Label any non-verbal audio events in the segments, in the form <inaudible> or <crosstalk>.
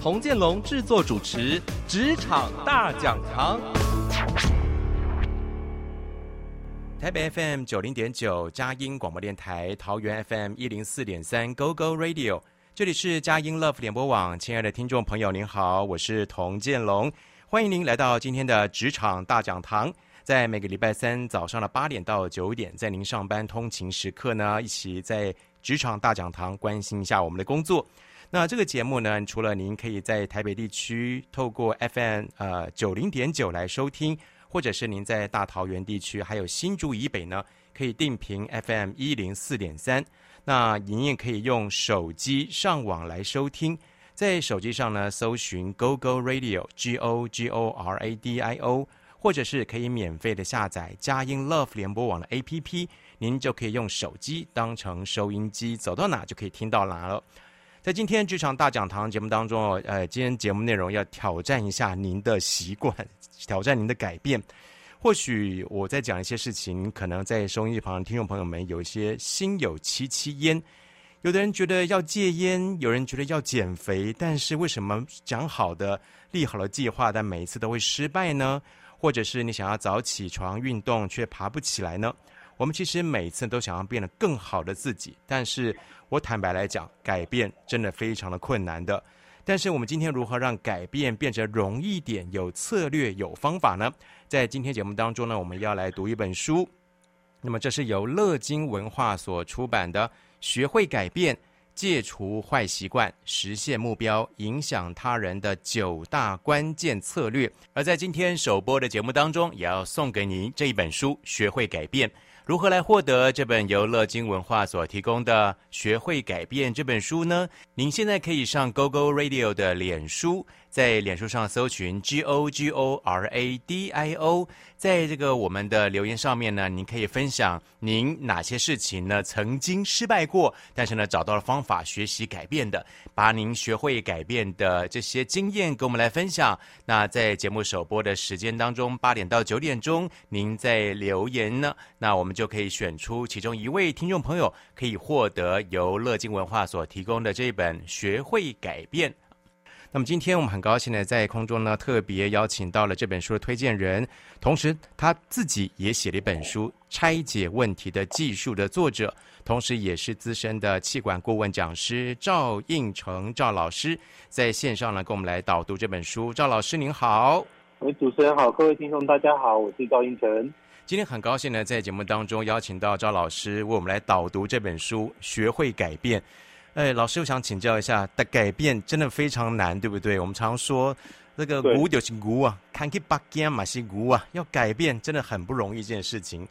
童建龍製作主持《職場大講堂》，台北 FM 九零點九佳音廣播電台，桃園 FM 一零四點三 GoGo Radio，這裡是佳音 Love 聯播網。親愛的聽眾朋友，您好，我是童建龍，歡迎您來到今天的《職場大講堂》。在每個禮拜三早上的八點到九點，在您上班通勤時刻呢，一起在《職場大講堂》關心一下我們的工作。那這個節目呢，除了您可以在台北地區透過 FM 呃九零點九來收聽，或者是您在大桃園地區還有新竹以北呢，可以定頻 FM 一零四點三。那您也可以用手機上網來收聽，在手機上呢搜尋 GO GO RADIO G O G O R A D I O，或者是可以免費的下載佳音 Love 聯播網的 APP，您就可以用手機當成收音機，走到哪就可以聽到哪了。在今天劇場大講堂節目當中哦，呃，今天節目內容要挑戰一下您的習慣，挑戰您的改變。或許我在講一些事情，可能在收音機旁聽眾朋友們有一些心有戚戚焉。有的人覺得要戒菸，有人覺得要減肥，但是為什麼講好的立好的計劃，但每一次都會失敗呢？或者是你想要早起床運動，卻爬不起來呢？我們其實每次都想要變得更好的自己，但是我坦白來講，改變真的非常的困難的。但是我們今天如何讓改變變得容易點，有策略、有方法呢？在今天節目當中呢，我們要來讀一本書。那麼這是由樂金文化所出版的《學會改變：戒除壞習慣、實現目標、影響他人的九大關鍵策略》。而在今天首播的節目當中，也要送給您這一本書《學會改變》。如何來獲得這本由樂金文化所提供的《學會改變》這本書呢？您現在可以上 GOGO RADIO 的臉書。在臉書上搜尋 G O G O R A D I O，在這個我們的留言上面呢，您可以分享您哪些事情呢？曾經失敗過，但是呢找到了方法學習改變的，把您學會改變的這些經驗給我們來分享。那在節目首播的時間當中，八點到九點鐘，您在留言呢，那我們就可以選出其中一位聽眾朋友，可以獲得由樂金文化所提供的這一本《學會改變》。那麼今天我們很高興呢，在空中呢，特別邀請到了這本書的推薦人，同時他自己也寫了一本書《拆解問題的技術》的作者，同時也是資深的企管顧問講師趙胤丞趙老師，在線上呢跟我們來導讀這本書。趙老師您好。喂，主持人好，各位聽眾大家好，我是趙胤丞。今天很高興呢，在節目當中邀請到趙老師為我們來導讀這本書《學會改變》。哎，老師，我想請教一下，的改變真的非常難，對不對？我們常,常說那、這個“古”就是“古”啊，“can ki baki” 啊，嘛是“古”啊，要改變真的很不容易這件事情。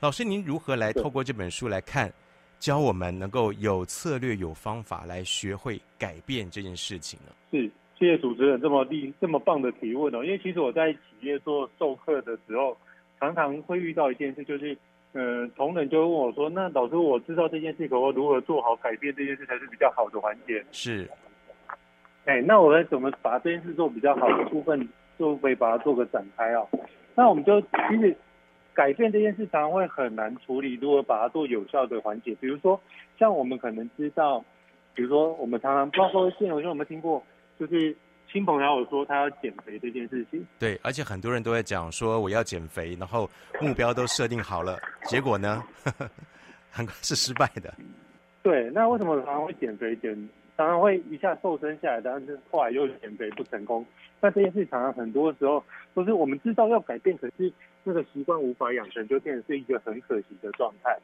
老師，您如何來透過這本書來看，教我們能夠有策略、有方法來學會改變這件事情呢？是，謝謝主持人這麼厲、這麼棒的提問哦。因為其實我在企業做授課的時候，常常會遇到一件事，就是。嗯，同仁就問我說：“那老師，我知道這件事，可我如何做好改變這件事才是比較好的環節？”是。哎，那我們怎麼把這件事做比較好的部分，就可以把它做個展開啊？那我們就其實改變這件事常常會很難處理，如何把它做有效的環節，比如說像我們可能知道，比如說我們常常不知道說，各位有沒有聽過，就是。親朋好友說他要減肥這件事情，對，而且很多人都在講說我要減肥，然後目標都設定好了，結果呢，很， <laughs> 是失敗的。對，那為什麼常常會減肥減，常常會一下瘦身下來，但是後來又減肥不成功？那這件事情常常很多時候都是我們知道要改變，可是那個習慣無法養成，就變成是一個很可惜的狀態。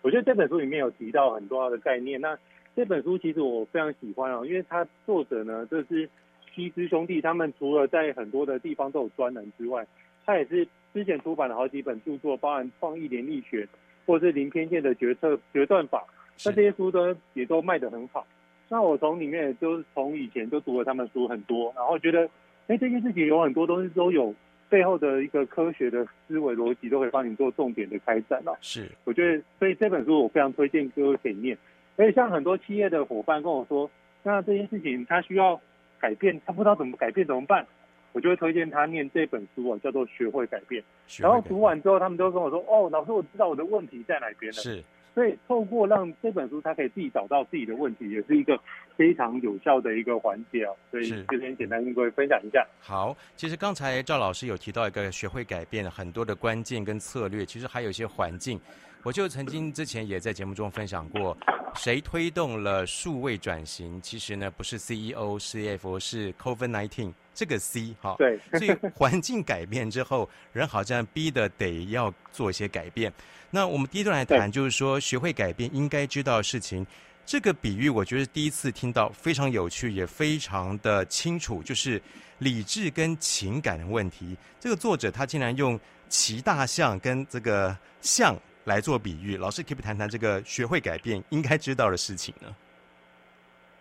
我覺得這本書裡面有提到很多的概念，那這本書其實我非常喜歡哦，因為它作者呢就是。希思兄弟他們除了在很多的地方都有專欄之外，他也是之前出版了好幾本著作，包含《創意黏力學》或是《零偏見的決策決斷法》，那這些書都也都賣得很好。那我從裡面就從以前就讀了他們書很多，然後覺得，哎、欸，這件事情有很多東西都有背後的一個科學的思維邏輯，都可以幫你做重點的開展了、啊、是，我覺得所以這本書我非常推薦各位可以念。而、欸、且像很多企業的伙伴跟我說，那這件事情他需要。改變，他不知道怎麼改變怎麼辦？我就會推薦他念這本書啊、喔，叫做《學會改變》。學會改變。然後讀完之後，他們都跟我說：“哦，老師，我知道我的問題在哪邊了。”是，所以透過讓這本書，他可以自己找到自己的問題，也是一個非常有效的一個環節喔。所以這邊簡單跟各位分享一下。好，其實剛才趙老師有提到一個學會改變很多的關鍵跟策略，其實還有一些環境。我就曾經之前也在節目中分享過，誰推動了數位轉型？其實呢，不是 CEO、CFO，是 COVID-19 這個 C 哈。對。 <laughs> 所以環境改變之後，人好像逼得得，得要做一些改變。那我們第一段來談，就是說學會改變應該知道的事情。這個比喻我覺得第一次聽到，非常有趣，也非常的清楚，就是理智跟情感的問題。這個作者他竟然用騎大象跟這個象，來做比喻，老師可不可以談談這個學會改變應該知道的事情呢？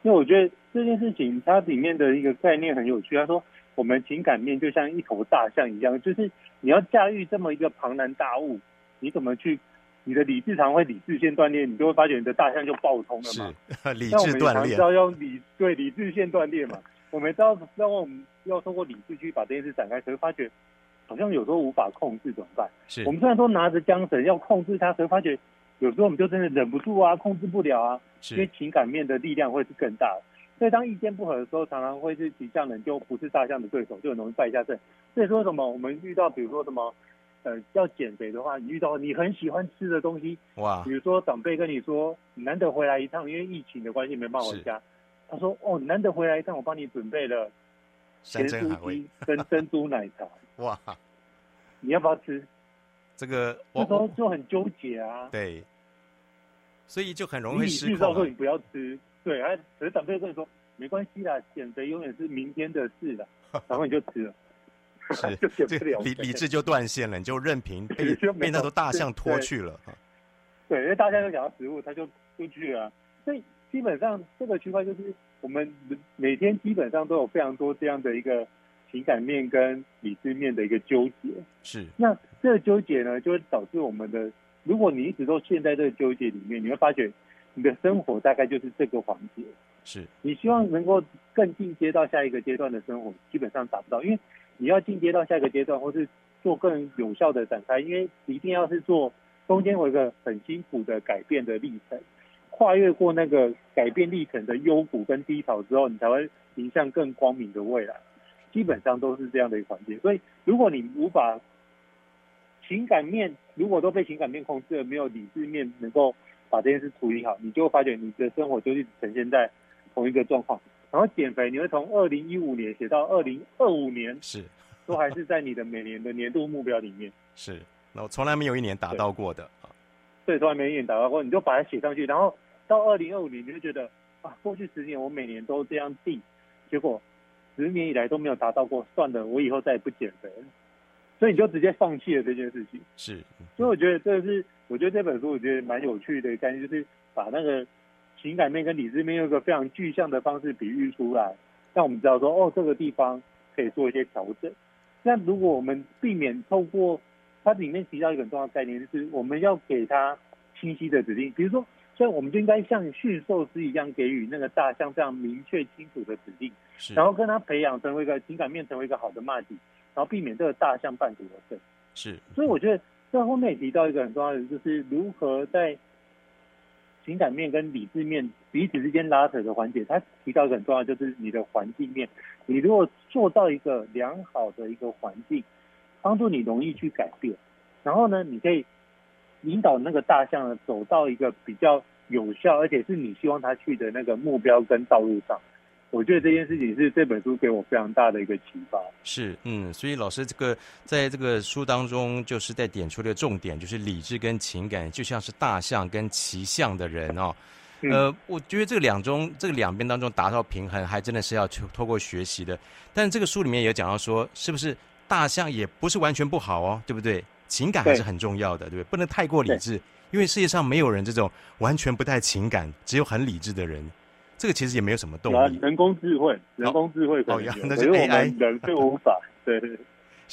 因為我覺得這件事情它裡面的一個概念很有趣，他說我們情感面就像一頭大象一樣，就是你要駕馭這麼一個龐然大物，你怎麼去你的理智常會理智線斷裂，你就會發覺你的大象就爆衝了嘛。是，理智斷裂，到要理對理智線斷裂嘛，我們到要我們要通過理智去把這件事展開，才會發覺。好像有時候無法控制怎麼辦？是，我們雖然說拿着韁繩要控制它，可是發覺有時候我們就真的忍不住啊，控制不了啊。是，因為情感面的力量會是更大。所以當意見不合的時候，常常會是騎象人，就不是大象的對手，就很容易敗下陣。所以說什麼？我們遇到比如說什麼，呃，要減肥的話，你遇到你很喜歡吃的東西，哇，比如說長輩跟你說難得回來一趟，因為疫情的關係沒辦法回家，他說哦難得回來一趟，我幫你準備了鹹酥雞跟珍珠奶茶。 <laughs> 哇，你要不要吃？這個我那時候就很糾結啊。對，所以就很容易失控，啊。你說你不要吃，對，啊、可是長輩跟你說沒關係啦，減肥永遠是明天的事了， <laughs> 然後你就吃了，是 <laughs> 就理理智就斷線了，你就任憑被， <laughs> 被那頭大象拖去了。對，對對因為大象就想要食物，他就出去了，啊。所以基本上這個區塊就是，我們每天基本上都有非常多這樣的一個。情感面跟理智面的一個糾結，是。那這個糾結呢，就會導致我們的。如果你一直都陷在這個糾結裡面，你會發覺你的生活大概就是這個環節。是。你希望能夠更進階到下一個階段的生活，基本上達不到，因為你要進階到下一個階段，或是做更有效的展開，因為一定要是做中間有一個很辛苦的改變的歷程，跨越過那個改變歷程的幽谷跟低潮之後，你才會迎向更光明的未來。基本上都是這樣的一個環節，所以如果你無法情感面，如果都被情感面控制了，沒有理智面能夠把這件事處理好，你就會發覺你的生活就是呈現在同一個狀況。然後減肥，你會從二零一五年寫到二零二五年，是，都還是在你的每年的年度目標裡面。 <laughs> 是，那我從來沒有一年達到過的。對，從來沒有一年達到過，你就把它寫上去，然後到二零二五年，你就覺得啊，過去十年我每年都這樣定，結果。十年以來都沒有達到過，算了，我以後再也不減肥了，所以你就直接放棄了這件事情。是，嗯，所以我覺得這是，我覺得這本書我覺得蠻有趣的一個概念，就是把那個情感面跟理智面用一個非常具象的方式比喻出來，讓我們知道說，哦，這個地方可以做一些調整。那如果我們避免透過它裡面提到一個很重要概念，就是我們要給它清晰的指令，比如說。所以我們就應該像馴獸師一樣，給予那個大象這樣明確清楚的指令，是，然後跟它培養成為一個情感面成為一個好的馬匹，然後避免這個大象半途而廢。是，所以我覺得在後面也提到一個很重要的，就是如何在情感面跟理智面彼此之間拉扯的環節。他提到一個很重要，就是你的環境面，你如果做到一個良好的一個環境，幫助你容易去改變。然後呢，你可以。引導那個大象呢，走到一個比較有效，而且是你希望他去的那個目標跟道路上。我覺得這件事情是這本書給我非常大的一個啟發。是，嗯，所以老師這個在這個書當中就是在點出了重點，就是理智跟情感就像是大象跟騎象的人哦、嗯。呃，我覺得這個兩中這個兩邊當中達到平衡，還真的是要去透過學習的。但這個書裡面也有講到說，是不是大象也不是完全不好哦，對不對？情感還是很重要的對，對不對？不能太過理智，因為世界上沒有人這種完全不帶情感、只有很理智的人。這個其實也沒有什麼動力。啊、人工智慧，人工智慧好一樣的，AI，我們人就無法 <laughs> 對。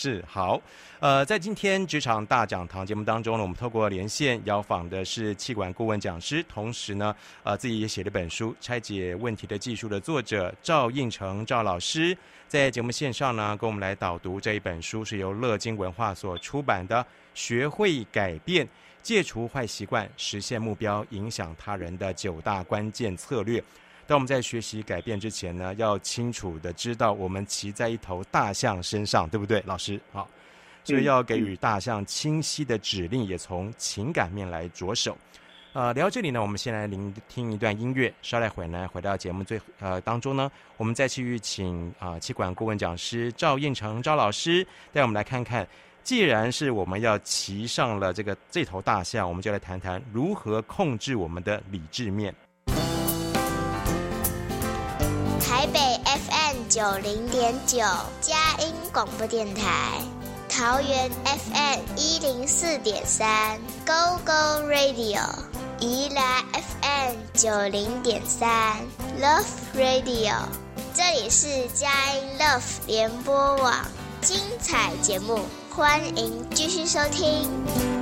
是好，呃，在今天職場大講堂節目當中呢，我們透過連線邀訪的是企管顧問講師，同時呢，呃，自己也寫了本書《拆解問題的技術》的作者趙胤丞趙老師，在節目線上呢，跟我們來導讀這一本書，是由樂金文化所出版的《學會改變、戒除壞習慣、實現目標、影響他人的九大關鍵策略》。當我們在學習改變之前呢，要清楚的知道我們騎在一頭大象身上，對不對，老師？好，所以要給予大象清晰的指令，也從情感面來着手。呃，聊到這裡呢，我們先來聆聽一段音樂，稍待會呢，回到節目最呃當中呢，我們再去請啊企、呃、管顧問講師趙胤丞趙老師帶我們來看看，既然是我們要騎上了這個這頭大象，我們就來談談如何控制我們的理智面。台北 FM 九零點九，佳音廣播電臺；桃園 FM 一零四點三，Go Go Radio；宜蘭 FM 九零點三，Love Radio。這裡是佳音 Love 聯播網，精彩節目，歡迎繼續收聽。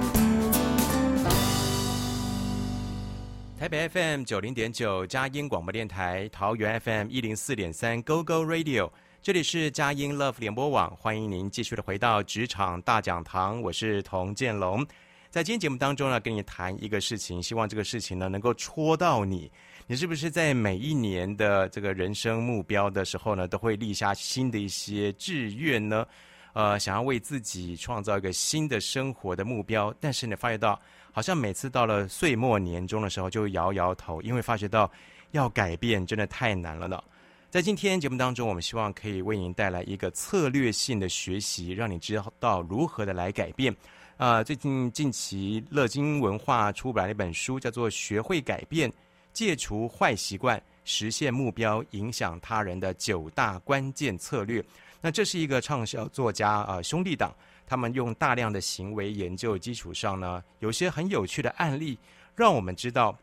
台北 FM 九零點九，佳音廣播電台，桃園 FM 一零四點三 GoGo Radio，這裡是佳音 Love 聯播網，歡迎您繼續的回到職場大講堂，我是童建龍。在今天節目當中呢，跟你談一個事情，希望這個事情呢能夠戳到你。你是不是在每一年的這個人生目標的時候呢，都會立下新的一些志願呢？呃，想要為自己創造一個新的生活的目標，但是你發覺到。好像每次到了歲末年終的時候，就搖搖頭，因為發覺到要改變真的太難了呢。在今天節目當中，我們希望可以為您帶來一個策略性的學習，讓你知道如何的來改變。啊，最近近期樂金文化出版了一本書，叫做《學會改變：戒除壞習慣，實現目標，影響他人的九大關鍵策略》。那這是一個暢銷作家啊、呃，兄弟檔。他們用大量的行為研究基礎上呢，有些很有趣的案例，讓我們知道，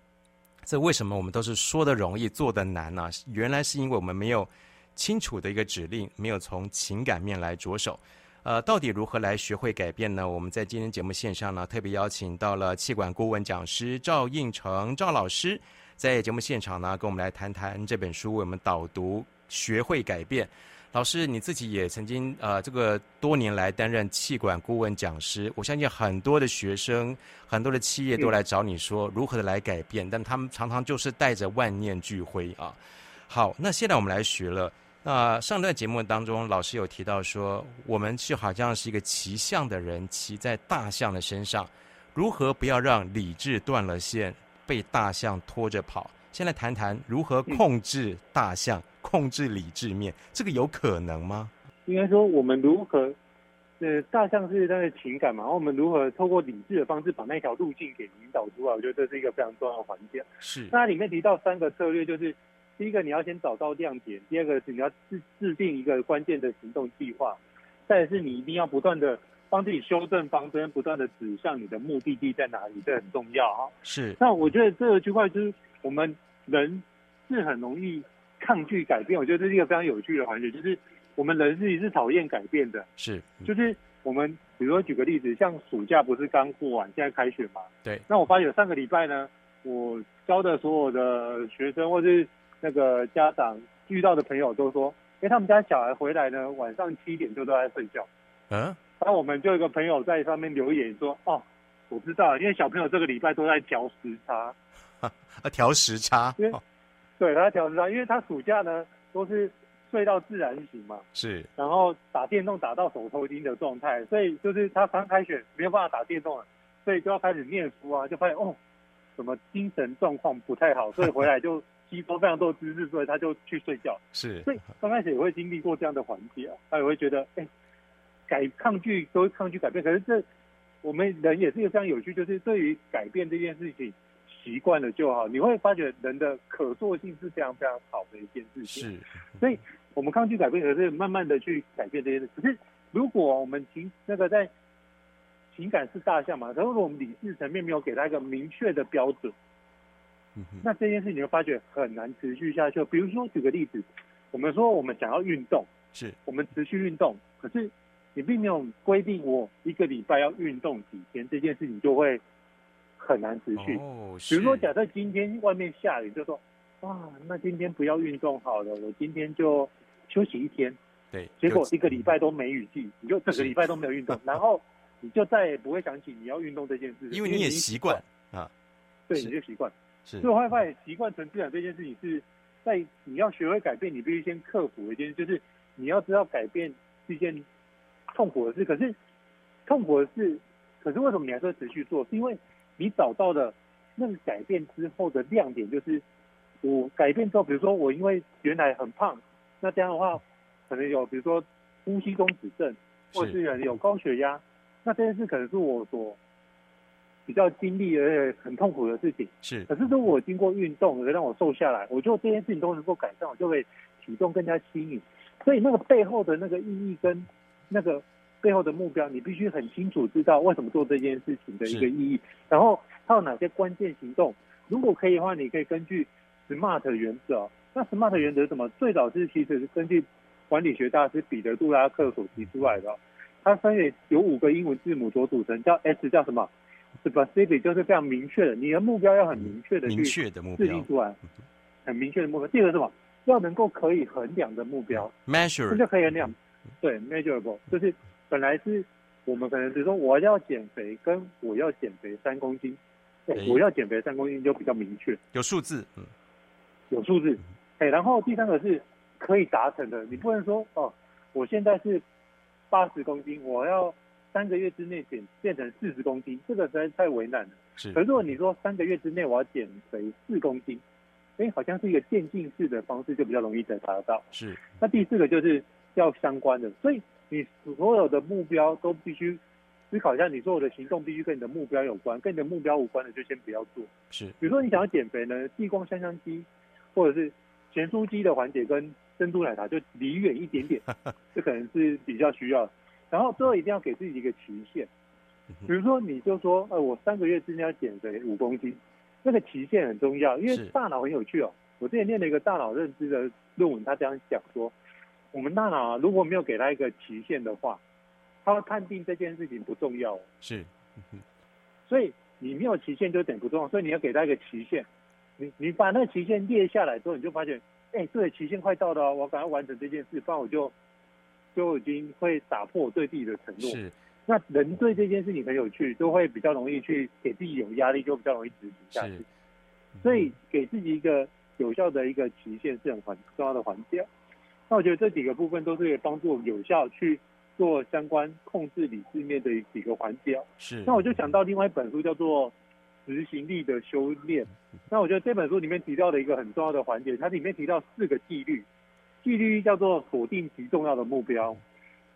這為什麼我們都是說的容易做的難呢、啊？原來是因為我們沒有清楚的一個指令，沒有從情感面來着手。呃，到底如何來學會改變呢？我們在今天節目線上呢，特別邀請到了企管顧問講師趙胤丞趙老師，在節目現場呢，跟我們來談談這本書，為我們導讀學會改變。老師，你自己也曾經呃，這個多年來擔任企管顧問講師，我相信很多的學生、很多的企業都來找你說如何的來改變，但他們常常就是帶着萬念俱灰啊。好，那現在我們來學了，呃。那上段節目當中，老師有提到說，我們就好像是一個騎象的人騎在大象的身上，如何不要讓理智斷了線被大象拖着跑？先來談談如何控制大象。控制理智面，這個有可能嗎？應該說，我們如何，呃，大象是在情感嘛，然後我們如何透過理智的方式把那條路徑給引導出來？我覺得這是一個非常重要的環節。是，那裡面提到三個策略，就是第一個你要先找到亮點，第二個是你要制制定一個關鍵的行動計劃，再是你一定要不斷的幫自己修正方針，不斷的指向你的目的地在哪裡，這很重要啊。是，那我覺得這個區塊就是我們人是很容易，抗拒改變，我覺得這是一個非常有趣的環節。就是我們人自己是討厭改變的，是。嗯、就是我們，比如說舉個例子，像暑假不是剛過完，現在開學嘛。對。那我發現上個禮拜呢，我教的所有的學生或是那個家長遇到的朋友都說，因、欸、為他們家小孩回來呢，晚上七點就都在睡覺。嗯。然後我們就有個朋友在上面留言說：“哦，我不知道因為小朋友這個禮拜都在調時差。”啊，調時差。哦對，他調整他，因為他暑假呢都是睡到自然醒嘛，是，然後打電動打到手抽筋的狀態，所以就是他剛開始沒辦法打電動了，所以就要開始念書啊，就發現哦，怎麼精神狀況不太好，所以回來就吸收非常多的知識， <laughs> 所以他就去睡覺。是，所以剛開始也會經歷過這樣的環境啊，他也會覺得哎，改抗拒都會抗拒改變，可是這我們人也是一個非常有趣，就是對於改變這件事情。習慣了就好，你會發覺人的可塑性是非常非常好的一件事情。是，所以我們抗拒改變，可是慢慢的去改變這件事。可是如果我們情那個在情感是大象嘛，然後如果我們理智層面沒有給他一個明確的標準，嗯，那這件事情你會發覺很難持續下去。比如說舉個例子，我們說我們想要運動，是我們持續運動，可是你並沒有規定我一個禮拜要運動幾天，這件事情就會，很難持續。哦、是比如說，假設今天外面下雨，就說，哇，那今天不要運動好了，我今天就休息一天。對，結果一個禮拜都沒雨季，嗯、你就整個禮拜都沒有運動，然後你就再也不會想起你要運動這件事，因為你也習慣啊。對，你就習慣。是，所以我會發現習慣成自然這件事情是在你要學會改變，你必須先克服一件事，就是你要知道改變是一件痛苦的事。可是痛苦的事，可是為什麼你還會持續做？是因為你找到的那個改變之後的亮點，就是我改變之後，比如說我因為原來很胖，那這樣的話，可能有比如說呼吸中止症，或者是有有高血壓，那這件事可能是我所比較經歷而且很痛苦的事情。是，可是如果我經過運動而讓我瘦下來，我覺得這件事情都能夠改善，我就會體重更加輕盈。所以那個背後的那個意義跟那個。背後的目標，你必須很清楚知道為什麼做這件事情的一個意義，然後它有哪些關鍵行動。如果可以的話，你可以根據 SMART 原則。那 SMART 原則是什麼？最早是其實是根據管理學大師彼得·杜拉克所提出來的。它分為有五個英文字母所組成，叫 S，叫什麼？Specific 就是非常明確的，你的目標要很明確的去制定出來，很明確的目標。第二個是什麼？要能夠可以衡量的目標 Measurable，這就可以衡量。對，Measurable 就是。本來是我們可能比如說我要減肥，跟我要減肥三公斤，欸欸、我要減肥三公斤就比較明確，有數字，嗯、有數字。哎、欸，然後第三個是可以達成的，你不能說哦，我現在是八十公斤，我要三個月之內減變成四十公斤，這個實在是太為難了。是。而如果你說三個月之內我要減肥四公斤，哎、欸，好像是一個漸進式的方式，就比較容易得達到。是。那第四個就是要相關的，所以。你所有的目標都必須思考一下，你所有的行動必須跟你的目標有關，跟你的目標無關的就先不要做。是，比如說你想要減肥呢，地光香香雞或者是鹹酥雞的環節跟珍珠奶茶就離遠一點點，這可能是比較需要。 <laughs> 然後最後一定要給自己一個期限，比如說你就說，呃，我三個月之內要減肥五公斤，那個期限很重要，因為大腦很有趣哦。我之前念了一個大腦認知的論文，他這樣講說。我們大腦、啊、如果沒有給他一個期限的話，他會判定這件事情不重要。是、嗯，所以你沒有期限就等於不重要，所以你要給他一個期限。你你把那個期限列下來之後，你就發現，哎、欸，對，期限快到了，我趕快完成這件事，不然我就就已經會打破我對自己的承諾。是，那人對這件事情很有趣，就會比較容易去給自己有壓力，就比較容易執行下去、嗯。所以給自己一個有效的一個期限是很很重要的環節。那我覺得這幾個部分都是幫助我們有效去做相關控制理智面的幾個環節。是。那我就想到另外一本書叫做《執行力的修鍊》。那我覺得這本書裡面提到的一個很重要的環節，它裡面提到四個紀律。紀律一叫做鎖定最重要的目標。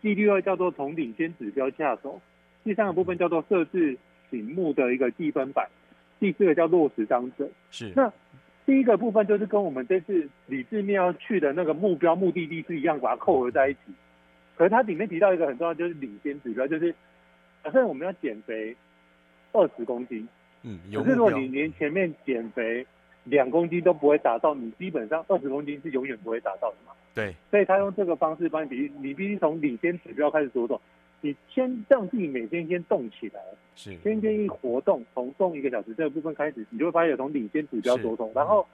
紀律二叫做從領先指標下手。第三個部分叫做設置醒目的一個計分板。第四個叫落實當責。是。那第一個部分就是跟我們這次理智面要去的那個目標目的地是一樣，把它扣合在一起。可是它裡面提到一個很重要，就是領先指標，就是假設我們要減肥二十公斤，嗯，可是如果你連前面減肥兩公斤都不會達到，你基本上二十公斤是永遠不會達到的嘛。對，所以他用這個方式幫你，比喻，你必須從領先指標開始着手。你先讓自己每天先動起來，是，天天一活動，從動一個小時這個部分開始，你就會發現有從領先指標著手，然後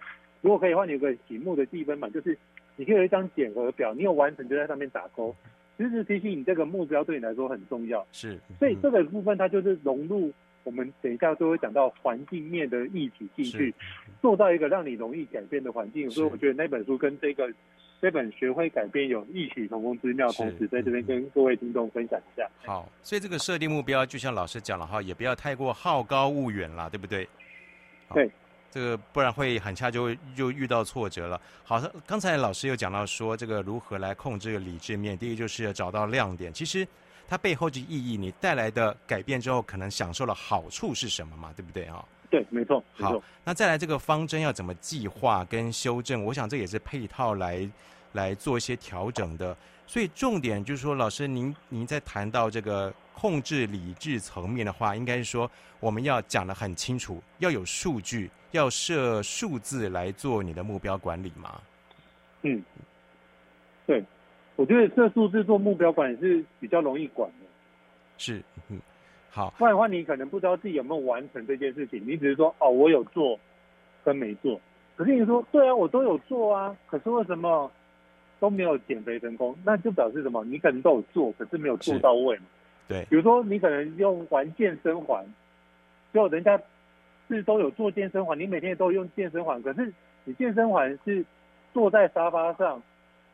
如果可以的話，你有個醒目的計分板，就是你可以有一張檢核表，你有完成就在上面打勾，時時提醒你這個目標對你來說很重要，是。所以這個部分它就是融入、嗯、我們等一下就會講到環境面的議題進去，做到一個讓你容易改變的環境。所以我覺得那本書跟這個。這本《學會改變》有異曲同工之妙，同時在這邊跟各位聽眾分享一下，嗯。好，所以這個設定目標，就像老師講了哈，也不要太過好高騖遠了，對不對？對，這個不然會很恰就又遇到挫折了。好，剛才老師又講到說，這個如何來控制理智面，第一就是要找到亮點。其實它背後的意義，你帶來的改變之後，可能享受的好處是什麼嘛？對不對啊？對，沒錯。好，沒錯，那再來這個方針要怎麼計劃跟修正？我想這也是配套來來做一些調整的。所以重點就是說，老師您您在談到這個控制理智層面的話，應該是說我們要講得很清楚，要有數據，要設數字來做你的目標管理嗎？嗯，對，我覺得設數字做目標管理是比較容易管的。是，嗯。好，不然的話，你可能不知道自己有沒有完成這件事情。你只是說哦，我有做跟沒做。可是你說對啊，我都有做啊，可是為什麼都沒有減肥成功？那就表示什麼？你可能都有做，可是沒有做到位嘛。對，比如說你可能用玩健身環，就人家是都有做健身環，你每天也都有用健身環，可是你健身環是坐在沙發上，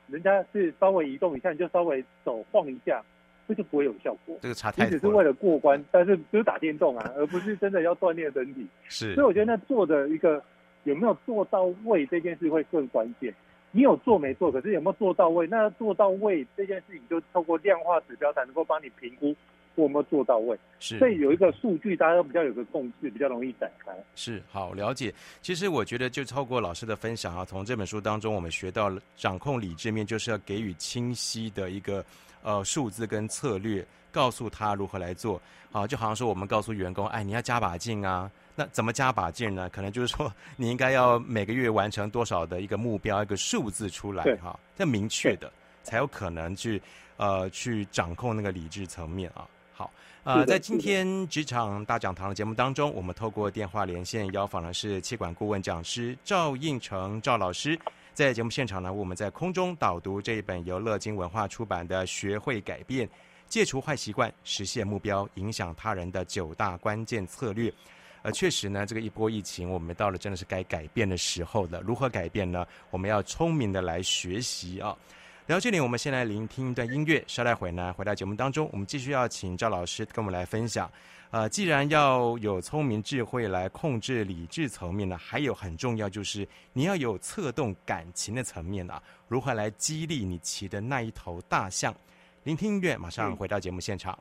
人家是稍微移動一下，你就稍微手晃一下。那就不會有效果，這個差太多了。只是為了過關，但是只是打電動啊，而不是真的要鍛鍊身體。 <laughs> 是，所以我覺得那做的一個有沒有做到位這件事會更關鍵。你有做沒做？可是有沒有做到位？那做到位這件事情，就透過量化指標才能夠幫你評估。我有沒做到位？是，所以有一個數據，大家都比較有個共識，比較容易展開。是，好了解。其實我覺得，就透過老師的分享啊，從這本書當中，我們學到了掌控理智面，就是要給予清晰的一個呃數字跟策略，告訴他如何來做啊。就好像說，我們告訴員工，哎，你要加把勁啊，那怎麼加把勁呢？可能就是說，你應該要每個月完成多少的一個目標，一個數字出來哈，要、啊、明確的，才有可能去呃去掌控那個理智層面啊。好，呃，在今天職場大講堂的節目當中，我們透過電話連線邀訪的是企管顧問講師趙胤丞趙老師。在節目現場呢，我們在空中導讀這一本由樂金文化出版的《學會改變、戒除壞習慣、實現目標、影響他人的九大關鍵策略》。呃，確實呢，這個一波疫情，我們到了真的是該改變的時候了。如何改變呢？我們要聰明地來學習啊。聊到這裡我們先來聆聽一段音樂，稍待會呢回到節目當中，我們繼續要請趙老師跟我們來分享。呃，既然要有聰明智慧來控制理智層面呢，還有很重要就是你要有策動感情的層面啊，如何來激勵你騎的那一頭大象？聆聽音樂，馬上回到節目現場。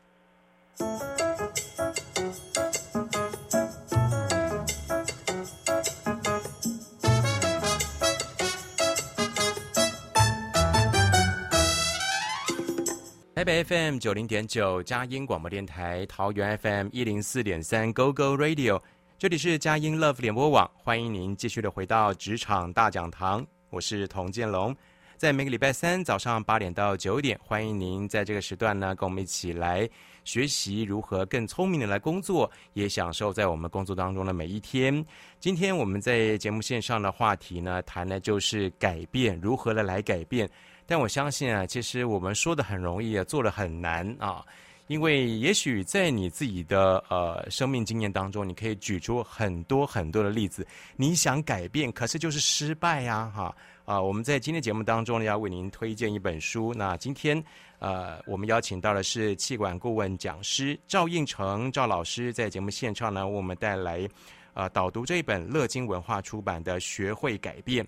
台北 FM 九零點九佳音廣播電臺，桃園 FM 一零四點三 Go Go Radio，這裡是佳音 Love 聯播網，歡迎您繼續的回到職場大講堂，我是童建龍，在每個禮拜三早上八點到九點，歡迎您在這個時段呢，跟我們一起來學習如何更聰明的來工作，也享受在我們工作當中的每一天。今天我們在節目線上的話題呢，談的就是改變，如何的來來改變。但我相信啊，其實我們說的很容易啊，做的很難啊。因為也許在你自己的呃生命經驗當中，你可以舉出很多很多的例子。你想改變，可是就是失敗呀、啊啊，哈啊！我們在今天節目當中呢，要為您推薦一本書。那今天呃，我們邀請到的是企管顧問講師趙胤丞趙老師，在節目現場呢，為我們帶來呃導讀這一本樂金文化出版的《學會改變》。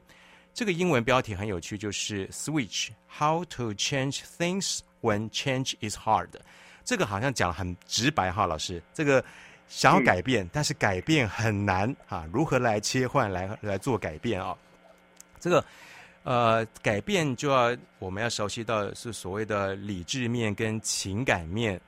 這個英文標題很有趣，就是 “Switch: How to Change Things When Change is Hard”。這個好像講很直白哈，老師。這個想要改變，但是改變很難哈，啊，如何來切換來來做改變啊？這個呃，改變就要我們要熟悉到的是所謂的理智面跟情感面。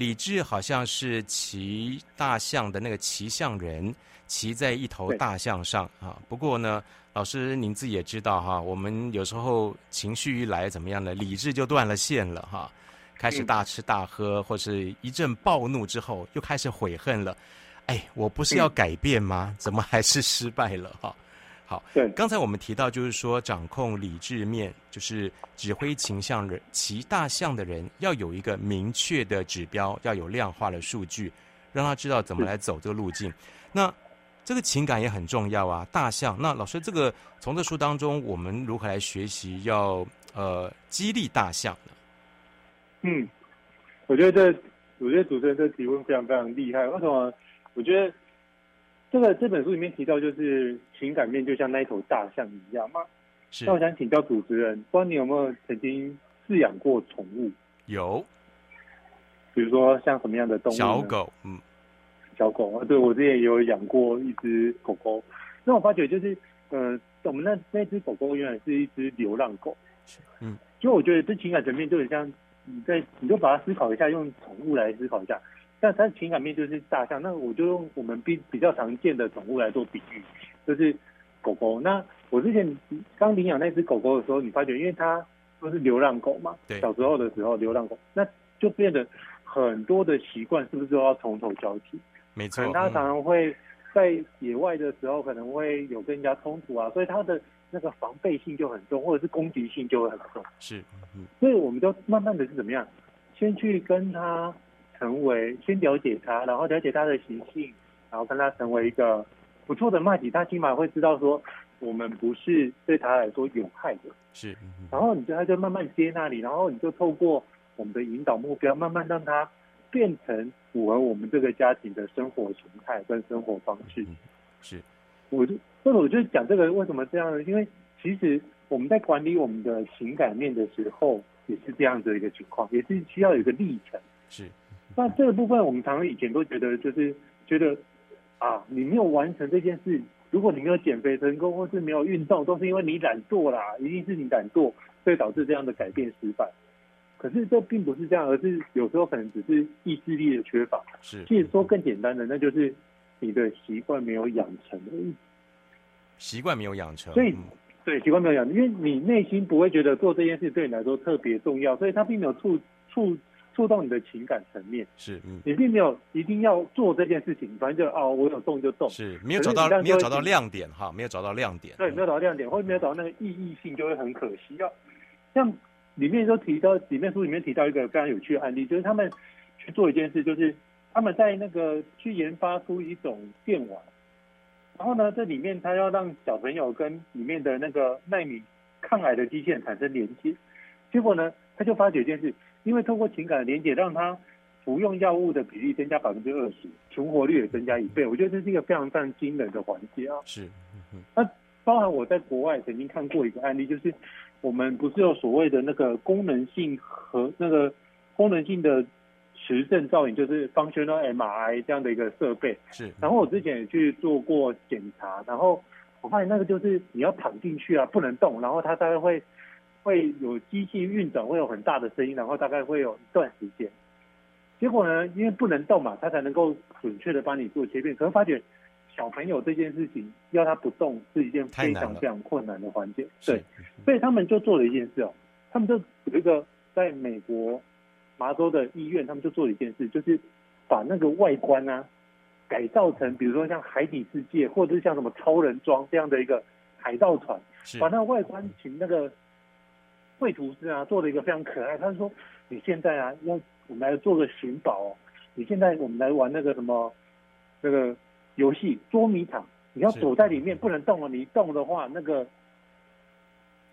理智好像是騎大象的那個騎象人，騎在一頭大象上啊。不過呢，老師您自己也知道哈，我們有時候情緒一來怎麼樣呢？理智就斷了線了哈，開始大吃大喝，或是一陣暴怒之後又開始悔恨了。哎，我不是要改變嗎？怎麼還是失敗了哈？好，對，剛才我們提到就是說，掌控理智面，就是指揮情象人騎大象的人，要有一個明確的指標，要有量化的數據，讓他知道怎麼來走這個路徑。那這個情感也很重要啊，大象。那老師，這個從這書當中，我們如何來學習要呃激勵大象呢？嗯，我覺得這，我覺得主持人這提問非常非常厲害。為什麼啊？我覺得。這個這本書裡面提到，就是情感面就像那一頭大象一樣嗎？是。那我想請教主持人，不知道你有沒有曾經飼養過寵物？有。比如說像什麼樣的動物？小狗。嗯，小狗啊，對，我之前也有養過一隻狗狗。那我發覺就是，呃，我們那那隻狗狗原來是一隻流浪狗。嗯，所以我覺得這情感層面就很像，你在你就把它思考一下，用寵物來思考一下。那它情感面就是大象，那我就用我們比比較常見的寵物來做比喻，就是狗狗。那我之前剛領養那只狗狗的時候，你發覺因為它都是流浪狗嘛，對，小時候的時候流浪狗，那就變得很多的習慣是不是都要從頭教起？沒錯，它常常會在野外的時候可能會有跟人家衝突啊，所以它的那個防備性就很重，或者是攻擊性就會很重。是，嗯，所以我們就慢慢的是怎麼樣，先去跟它。成為先了解他，然後了解他的習性，然後跟他成為一個不錯的 mate，他起碼會知道說我們不是對他來說有害的。是，嗯、然後你就他就慢慢接納你，然後你就透過我們的引導目標，慢慢讓他變成符合我們這個家庭的生活形態跟生活方式。嗯、是，我就或者我就講這個為什麼這樣呢？因為其實我們在管理我們的情感面的時候，也是這樣的一個情況，也是需要有一個歷程。是。那這個部分我們常常以前都覺得，就是覺得啊，你沒有完成這件事，如果你沒有減肥成功或是沒有運動，都是因為你懶惰啦，一定是你懶惰，所以導致這樣的改變失敗。可是這並不是這樣，而是有時候可能只是意志力的缺乏。是，其實說更簡單的，那就是你的習慣沒有養成而已。習慣沒有養成，所以對習慣沒有養成、嗯，因為你內心不會覺得做這件事對你來說特別重要，所以它並沒有觸觸。觸動你的情感層面是、嗯，你並沒有一定要做這件事情，反正就哦，我有動就動，是沒有找到沒有找到亮點哈，沒有找到亮點，對，沒有找到亮點，嗯、或者沒有找到那個意義性，就會很可惜要。像裡面說，提到，裡面書裡面提到一個非常有趣的案例，就是他們去做一件事，就是他們在那個去研發出一種電網，然後呢，這裡面他要讓小朋友跟裡面的那個耐米抗癌的機器人產生連接，結果呢，他就發覺一件事。因為通過情感的連結，讓他服用藥物的比例增加百分之二十，存活率也增加一倍，嗯。我覺得這是一個非常非常驚人的環節啊！是，嗯嗯。那，啊，包含我在國外曾經看過一個案例，就是我們不是有所謂的那個功能性和那個功能性的磁振造影，就是 functional MRI 這樣的一個設備。是，嗯，然後我之前也去做過檢查，然後我發現那個就是你要躺進去啊，不能動，然後它大概會。會有機器運轉，會有很大的聲音，然後大概會有一段時間。結果呢，因為不能動嘛，他才能夠準確的幫你做切片。可能發覺小朋友這件事情要他不動是一件非常非常困難的環節。對，所以他們就做了一件事哦，他們就有一個在美國麻州的醫院，他們就做了一件事，就是把那個外觀呢、啊、改造成，比如說像海底世界，或者是像什麼超人裝這樣的一個海盜船，把那個外觀請那個。繪圖師啊，做了一個非常可愛。他是說：“你現在啊，要，我們來做個尋寶、哦。你現在我們來玩那個什麼那個遊戲捉迷藏。你要躲在裡面，不能動了。你一動的話，那個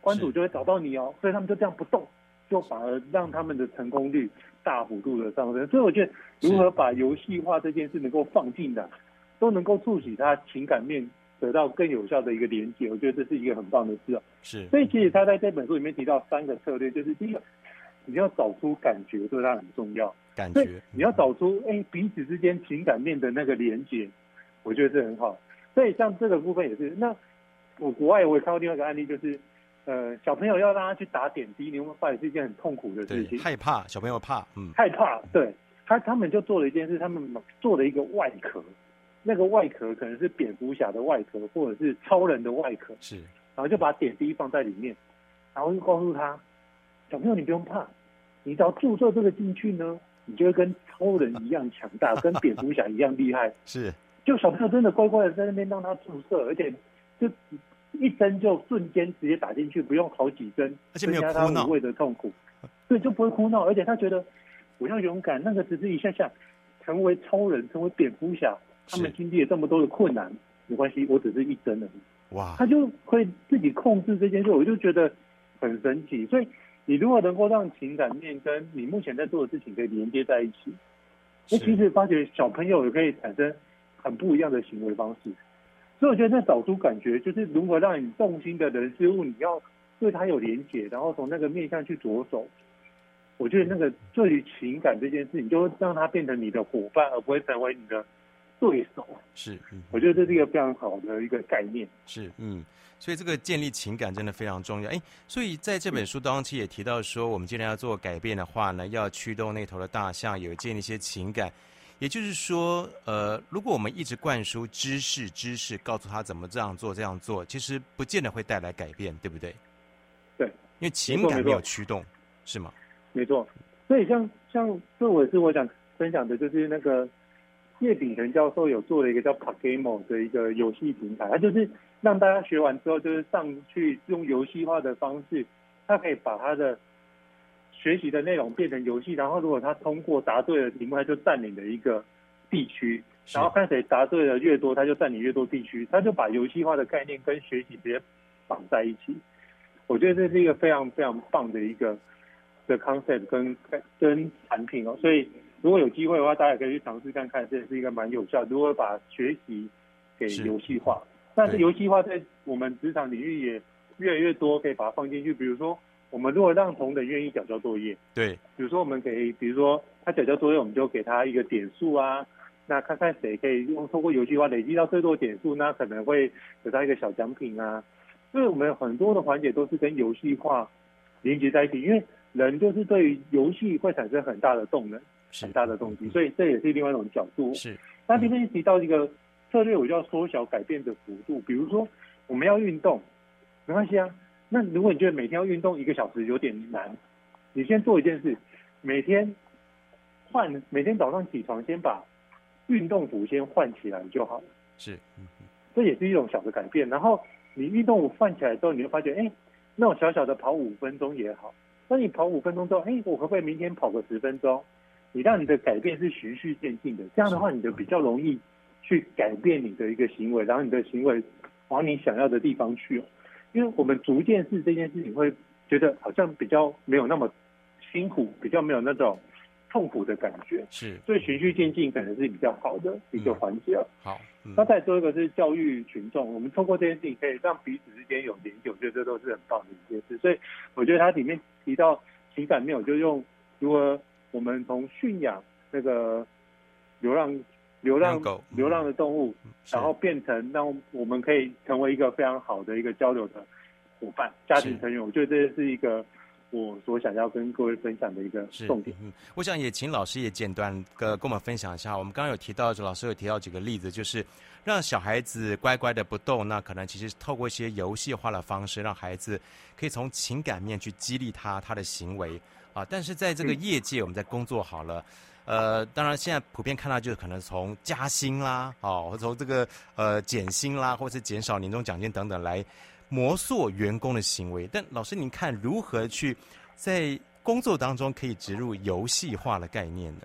關主就會找到你哦。所以他們就這樣不動，就反而讓他們的成功率大幅度的上升。所以我覺得，如何把遊戲化這件事能夠放進的，都能夠觸及他情感面。”得到更有效的一個連接，我覺得這是一個很棒的事啊。是，所以其實他在這本書裡面提到三個策略，就是第一個，你要找出感覺，對，他很重要。感覺，嗯、你要找出哎、欸、彼此之間情感面的那個連接，我覺得這很好。所以像這個部分也是。那我國外我也看過另外一個案例，就是呃小朋友要讓他去打點滴，你會發現是一件很痛苦的事情，對，害怕小朋友怕，嗯，害怕。對他，他們就做了一件事，他們做了一個外殼。那個外殼可能是蝙蝠俠的外殼，或者是超人的外殼，是，然後就把點滴放在裡面，然後就告訴他，小朋友你不用怕，你只要注射這個進去呢，你就會跟超人一樣強大， <laughs> 跟蝙蝠俠一樣厲害。 <laughs> 是，就小朋友真的乖乖的在那邊讓他注射，而且就一針就瞬間直接打進去，不用好幾針，而且沒有哭鬧，增加他無謂的痛苦對， <laughs> 所以就不會哭鬧，而且他覺得我要勇敢，那個只是一下下成為超人，成為蝙蝠俠。他們經歷了這麼多的困難，沒關係，我只是一針而已。哇！他就會自己控制這件事，我就覺得很神奇。所以，你如果能夠讓情感面跟你目前在做的事情可以連接在一起，那其實發覺小朋友也可以產生很不一樣的行為方式。所以，我覺得那找出感覺，就是如何讓你動心的人事物，你要對他有連接，然後從那個面向去着手。我覺得那個對於情感這件事，你就會讓它變成你的夥伴，而不會成為你的。對手是，嗯，我覺得這是一個非常好的一個概念。是，嗯，所以這個建立情感真的非常重要。哎，所以在這本書當中，其實也提到說，我們既然要做改變的話呢，要驅動那頭的大象，有建立一些情感。也就是說，呃，如果我們一直灌輸知識、知識，告訴他怎麼這樣做、這樣做，其實不見得會帶來改變，對不對？對，因為情感沒有驅動，是嗎？沒錯。所以像，像像作為是我想分享的，就是那個。葉丙成教授有做了一個叫 PaGamO 的一個遊戲平台，他就是讓大家學完之後，就是上去用遊戲化的方式，他可以把他的學習的內容變成遊戲，然後如果他通過答對了題目，他就佔領了一個地區，然後看誰答對的越多，他就佔領越多地區，他就把遊戲化的概念跟學習直接綁在一起。我覺得這是一個非常非常棒的一個的 concept 跟跟產品哦，所以。如果有機會的話，大家也可以去嘗試看看，這也是一個蠻有效。如果把學習給遊戲化，但是遊戲化在我們職場領域也越來越多，可以把它放進去。比如說，我們如果讓同仁願意繳交作業，對，比如說我們可以，比如說他繳交作業，我們就給他一個點數啊，那看看誰可以用通過遊戲化累積到最多點數，那可能會給他一個小獎品啊。所以我們很多的環節都是跟遊戲化連接在一起，因為人就是對於遊戲會產生很大的動能。很大的動機、嗯，所以這也是另外一種角度。是，嗯、那今天提到一個策略，我就要縮小改變的幅度。比如說，我們要運動，沒關係啊。那如果你覺得每天要運動一個小時有點難，你先做一件事，每天換，每天早上起床先把運動服先換起來就好了。是、嗯，這也是一種小的改變。然後你運動換起來之後你會，你就發覺，哎，那種小小的跑五分鐘也好。那你跑五分鐘之後，哎、欸，我可不可以明天跑個十分鐘？你讓你的改變是循序漸進的，這樣的話，你就比較容易去改變你的一個行為，然後你的行為往你想要的地方去。因為我們逐漸是這件事情，會覺得好像比較沒有那麼辛苦，比較沒有那種痛苦的感覺。是，所以循序漸進可能是比較好的一個環節、嗯。好，嗯、那再說一個是教育群眾，我們通過這件事情可以讓彼此之間有聯繫，我覺得這都是很棒的一件事。所以我覺得它裡面提到情感沒有，就用如何。我們從馴養那個流浪流浪、那個、狗、流浪的動物，嗯、然後變成讓我們可以成為一個非常好的一個交流的夥伴、家庭成員。我覺得這是一個我所想要跟各位分享的一個重點。嗯，我想也請老師也簡短跟我們分享一下。我們剛剛有提到，就老師有提到幾個例子，就是讓小孩子乖乖的不動。那可能其實透過一些遊戲化的方式，讓孩子可以從情感面去激勵他他的行為。啊！但是在這個業界，我們在工作好了，呃，當然現在普遍看到就是可能從加薪啦，哦、啊，或從這個呃減薪啦，或是減少年終獎金等等來磨塑員工的行為。但老師，您看如何去在工作當中可以植入遊戲化的概念呢？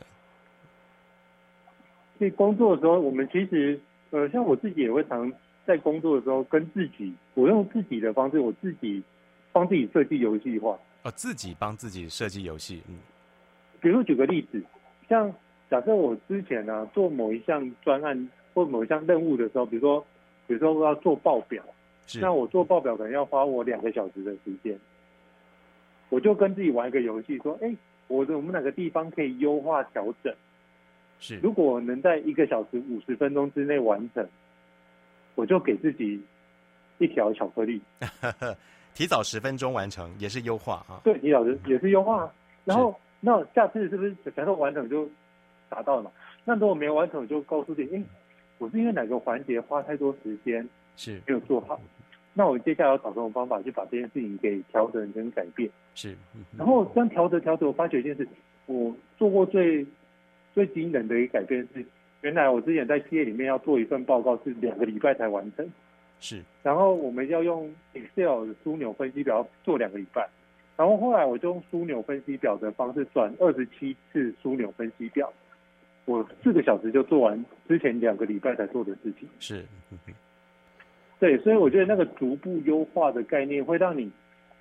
所以工作的時候，我們其實呃，像我自己也會常在工作的時候跟自己，我用自己的方式，我自己幫自己設計遊戲化。哦、自己幫自己設計遊戲，嗯，比如舉個例子，像假設我之前呢、啊、做某一項專案或某一項任務的時候，比如說，比如說我要做報表，是那我做報表可能要花我兩個小時的時間，我就跟自己玩一個遊戲，說，哎、欸，我我們哪個地方可以優化調整？是如果能在一個小時五十分鐘之內完成，我就給自己一條巧克力。 <laughs> 提早十分鐘完成也是優化啊，對，提早也是優化，嗯。然後那下次是不是想說完成就達到了嘛？那如果沒完成，我就告訴自己，為、欸、我是因為哪個環節花太多時間是沒有做好，那我接下來要找這種方法去把這件事情給調整跟改變。是，嗯、然後這樣調整調整，我發覺一件事情，我做過最最驚人的一個改變是，原來我之前在 PA 裡面要做一份報告是兩個禮拜才完成。是，然後我們要用 Excel 的樞紐分析表做兩個禮拜，然後後來我就用樞紐分析表的方式轉二十七次樞紐分析表，我四個小時就做完之前兩個禮拜才做的事情。是，對，所以我覺得那個逐步優化的概念會讓你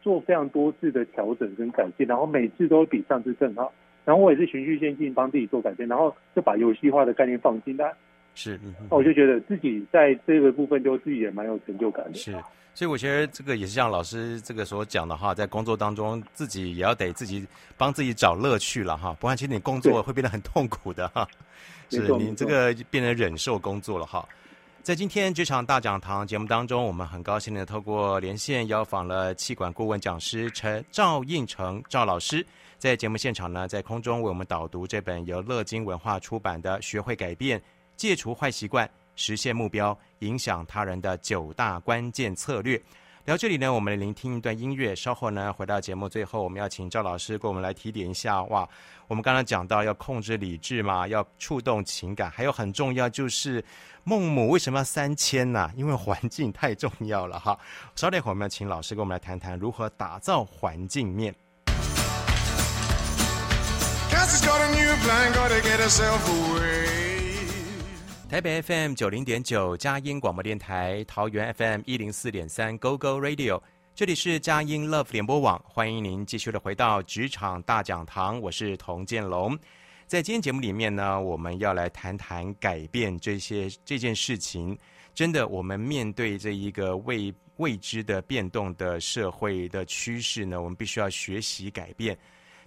做非常多次的調整跟改進，然後每次都比上次更好。然後我也是循序漸進幫自己做改變，然後就把遊戲化的概念放進來。是、嗯，我就覺得自己在這個部分，就自己也蠻有成就感的。是，所以我覺得這個也是像老師這個所講的哈，在工作當中，自己也要得自己幫自己找樂趣了哈，不然其實你工作會變得很痛苦的哈。是，你這個變得忍受工作了哈。在今天這場大講堂節目當中，我們很高興的透過連線邀訪了企管顧問講師陳趙胤丞趙老師，在節目現場呢，在空中為我們導讀這本由樂金文化出版的《學會改變》。戒除壞習慣，實現目標，影響他人的九大關鍵策略。聊這裡呢，我們來聆聽一段音樂。稍後呢，回到節目最後，我們要請趙老師給我們來提點一下。哇，我們剛剛講到要控制理智嘛，要觸動情感，還有很重要就是孟母為什麼要三遷呢、啊？因為環境太重要了哈。稍等一會兒，我們要請老師給我們來談談如何打造環境面。台北 FM 九零點九佳音廣播電臺，桃園 FM 一零四點三 Go Go Radio，這裡是佳音 Love 聯播網，歡迎您繼續的回到職場大講堂，我是童建龍。在今天節目裡面呢，我們要來談談改變這些這件事情。真的，我們面對這一個未未知的變動的社會的趨勢呢，我們必須要學習改變。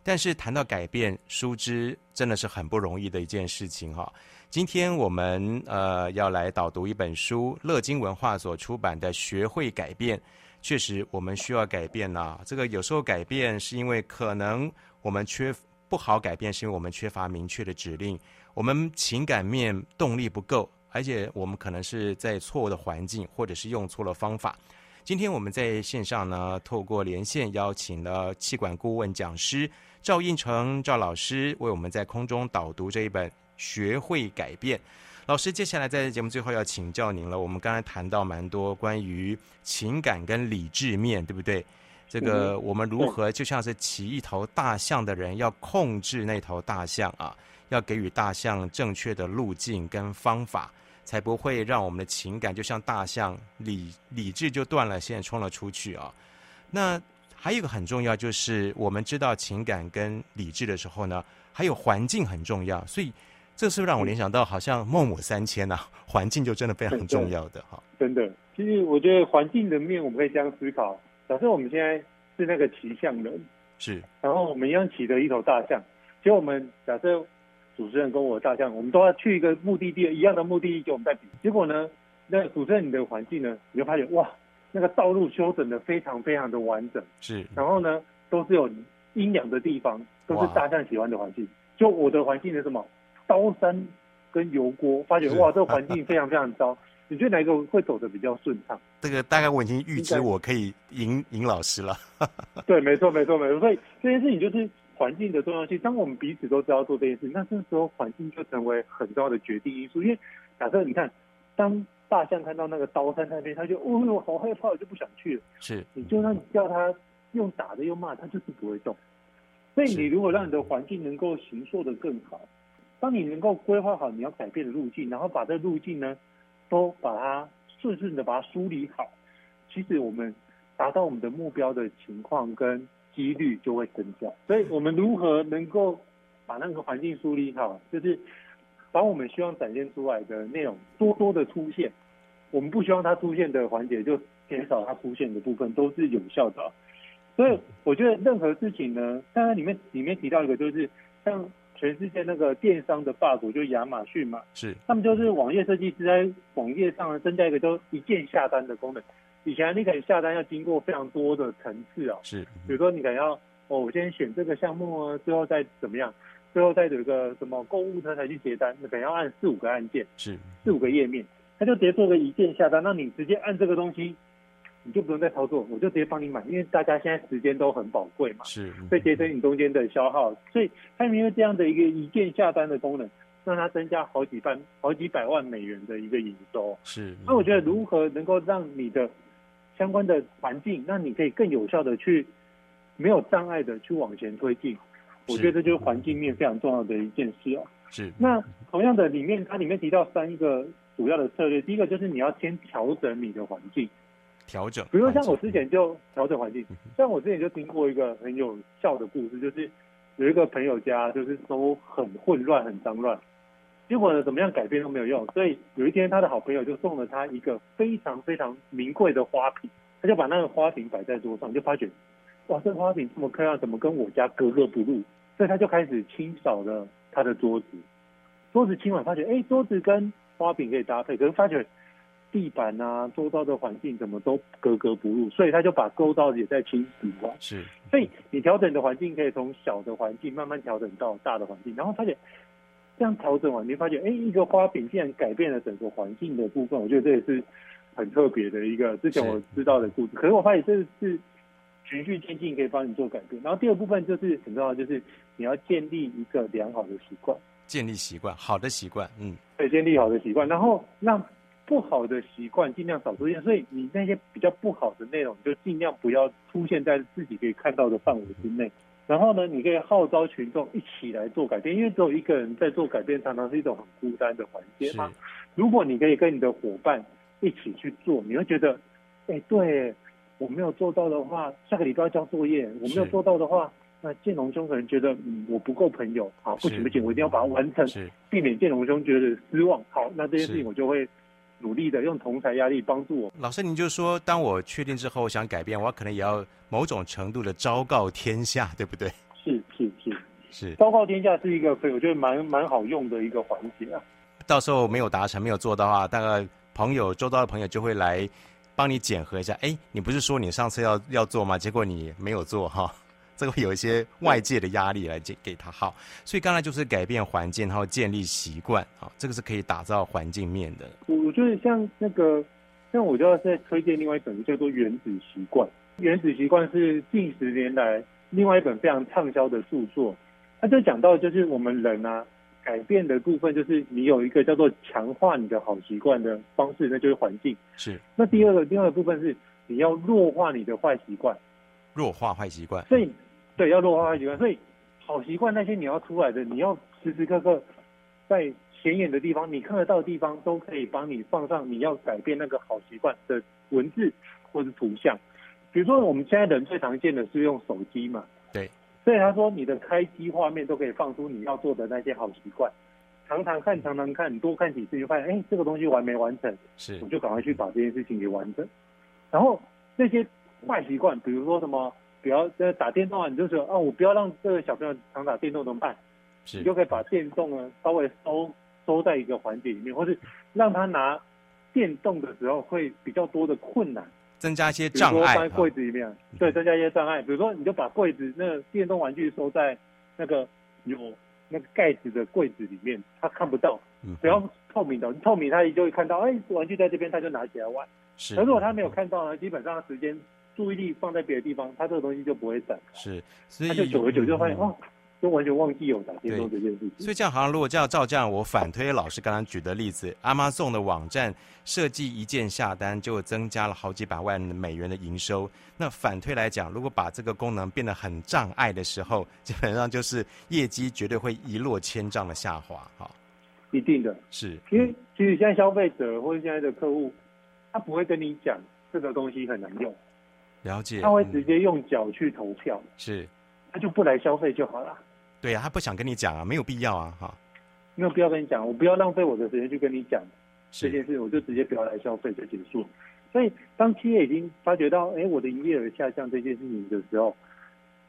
但是談到改變，殊知真的是很不容易的一件事情哈、哦。今天我們呃要來導讀一本書，樂金文化所出版的《學會改變》。確實，我們需要改變吶、啊。這個有時候改變是因為可能我們缺不好改變，是因為我們缺乏明確的指令，我們情感面動力不夠，而且我們可能是在錯誤的環境，或者是用錯了方法。今天我們在線上呢，透過連線邀請了企管顧問講師趙胤丞趙老師，為我們在空中導讀這一本。學會改變，老師，接下來在這節目最後要請教您了。我們剛才談到蠻多關於情感跟理智，面對不對？這個我們如何就像是騎一頭大象的人，要控制那頭大象啊，要給予大象正確的路徑跟方法，才不會讓我們的情感就像大象理理智，就斷了線，衝了出去啊。那還有一個很重要，就是我們知道情感跟理智的時候呢，還有環境很重要，所以。這是不是讓我聯想到好像孟母三遷啊，環、嗯、境就真的非常重要的哈、哦。真的，其實我覺得環境的面，我們可以這樣思考：假設我們現在是那個騎象人，是，然後我們一樣騎着一頭大象。其實我們假設主持人跟我的大象，我們都要去一個目的地，一樣的目的地，給我們在比。結果呢，那主持人你的環境呢，你就發現哇，那個道路修整的非常非常的完整，是。然後呢，都是有陰涼的地方，都是大象喜歡的環境。就我的環境的是什麼？刀山跟油鍋，發覺哇，這個環境非常非常糟。是啊，你覺得哪一個會走得比較順暢？這個大概我已經預知，我可以贏贏老師了。 <laughs> 對，沒錯，沒錯，沒錯。所以這件事情就是環境的重要性。當我們彼此都知道做這件事情，那這個時候環境就成為很重要的決定因素。因為假設你看，當大象看到那個刀山那邊，他就哦，我好害怕，我就不想去了。是，你就算你叫他用打的，用罵，他就是不會動。所以你如果讓你的環境能夠形塑的更好。當你能夠規劃好你要改變的路徑，然後把這路徑呢，都把它順順的把它梳理好，其實我們達到我們的目標的情況跟幾率就會增加。所以，我們如何能夠把那個環境梳理好，就是把我們希望展現出來的內容多多的出現，我們不希望它出現的環節就減少它出現的部分，都是有效的啊。所以，我覺得任何事情呢，剛才裡面裡面提到一個，就是像。全世界那個電商的霸主就亞馬遜嘛，是，他們就是網頁設計師在網頁上增加一個叫一鍵下單的功能。以前你可以下單要經過非常多的層次啊、哦，是比如說你可能要哦我先選這個項目啊，之後再怎麼樣，最後再有一個什麼購物車才去結單，你可能要按四五個按鍵，是四五個頁面，他就直接做個一鍵下單，那你直接按這個東西。你就不用再操作，我就直接幫你買，因為大家現在時間都很寶貴嘛，是，所以節省你中間的消耗，所以他們因為這樣的一個一鍵下單的功能，讓它增加好幾萬、好幾百萬美元的一個營收，是。那我覺得如何能夠讓你的相關的環境，讓你可以更有效的去沒有障礙的去往前推進，我覺得這就是環境面非常重要的一件事哦。是。那同樣的，裡面它裡面提到三個主要的策略，第一個就是你要先調整你的環境。調整，比如說像我之前就調整環境，嗯，像我之前就聽過一個很有效的故事，就是有一個朋友家就是都很混亂、很髒亂，結果呢怎麼樣改變都沒有用，所以有一天他的好朋友就送了他一個非常非常名貴的花瓶，他就把那個花瓶擺在桌上，就發覺哇，這個花瓶這麼漂亮，怎麼跟我家格格不入？所以他就開始清掃了他的桌子，桌子清完發覺，哎，欸，桌子跟花瓶可以搭配，可是發覺。地板啊，周遭的環境怎麼都格格不入，所以他就把勾到也在清洗。是，所以你調整的環境可以從小的環境慢慢調整到大的環境，然後發現這樣調整完，你會發現哎，一個花瓶竟然改變了整個環境的部分，我覺得這也是很特別的一個之前我知道的故事。是，可是我發現這是循序漸進，可以幫你做改變。然後第二部分就是很重要，就是你要建立一個良好的習慣，建立習慣，好的習慣，嗯，對，建立好的習慣，然後讓。不好的習慣盡量少出現，所以你那些比較不好的內容你就盡量不要出現在自己可以看到的範圍之內。然後呢，你可以號召群眾一起來做改變，因為只有一個人在做改變，常常是一種很孤單的環節嘛。如果你可以跟你的夥伴一起去做，你會覺得，哎、欸，對，我沒有做到的話，下個禮拜要交作業，我沒有做到的話，那建龍兄可能覺得，嗯，我不夠朋友啊，不行不行，我一定要把它完成，嗯、避免建龍兄覺得失望。好，那這件事情我就會。努力的用同儕壓力幫助我。老師，您就說，當我確定之後我想改變，我可能也要某種程度的昭告天下，對不對？是是是是。昭告天下是一個，我覺得蠻蠻好用的一個環節啊。到時候沒有達成，沒有做到的話，大概朋友、周遭的朋友就會來幫你檢核一下。哎，欸，你不是說你上次要要做嗎？結果你沒有做哈。這個會有一些外界的壓力來給給他好，所以剛才就是改變環境，然後建立習慣啊、哦，這個是可以打造環境面的。我我就是像那個，像我就要再推薦另外一本叫做《原子習慣》，《原子習慣》是近十年來另外一本非常暢銷的著作。那、啊、就講到，就是我們人啊，改變的部分就是你有一個叫做強化你的好習慣的方式，那就是環境是。那第二個，第二個部分是你要弱化你的壞習慣，弱化壞習慣，所以。對，要弱化壞習慣，所以好習慣那些你要出來的，你要時時刻刻在顯眼的地方，你看得到的地方都可以幫你放上你要改變那個好習慣的文字或者圖像。比如說我們現在人最常見的是用手機嘛，對，所以他說你的開機畫面都可以放出你要做的那些好習慣，常常看，常常看，多看幾次就發現，哎，這個東西完沒完成，是，我就趕快去把這件事情給完成。然後那些壞習慣，比如說什麼。不要在打電動啊！你就說啊，我不要讓這個小朋友常打電動，怎麼辦？是，你就可以把電動呢稍微收收在一個環境裡面，或是讓他拿電動的時候會比較多的困難，增加一些障礙。放在櫃子裡面，啊，對，增加一些障礙。比如說，你就把櫃子那電動玩具收在那個有那個蓋子的櫃子裡面，他看不到。不要透明的，嗯嗯透明他一就會看到，哎、欸，玩具在這邊，他就拿起來玩。是。而如果他沒有看到呢，嗯嗯基本上時間。注意力放在別的地方，他這個東西就不會散。是，所以他就久而久就發現啊、嗯哦、就完全忘記有的利用這件事情。所以這樣好像，如果這樣照這樣，我反推老師剛剛舉的例子，亞馬遜的網站設計一鍵下單就增加了好幾百萬美元的營收。那反推來講，如果把這個功能變得很障礙的時候，基本上就是業績絕對會一落千丈的下滑。哈、哦，一定的，是，因為其實現在消費者或者現在的客戶，他不會跟你講這個東西很難用。了解、嗯，他會直接用腳去投票，是，他就不來消費就好了。對啊，他不想跟你講啊，沒有必要啊，哈，沒有必要跟你講，我不要浪費我的時間去跟你講這件事，我就直接不要來消費就結束。所以，當企業已經發覺到，哎、欸，我的營業額下降這件事情的時候，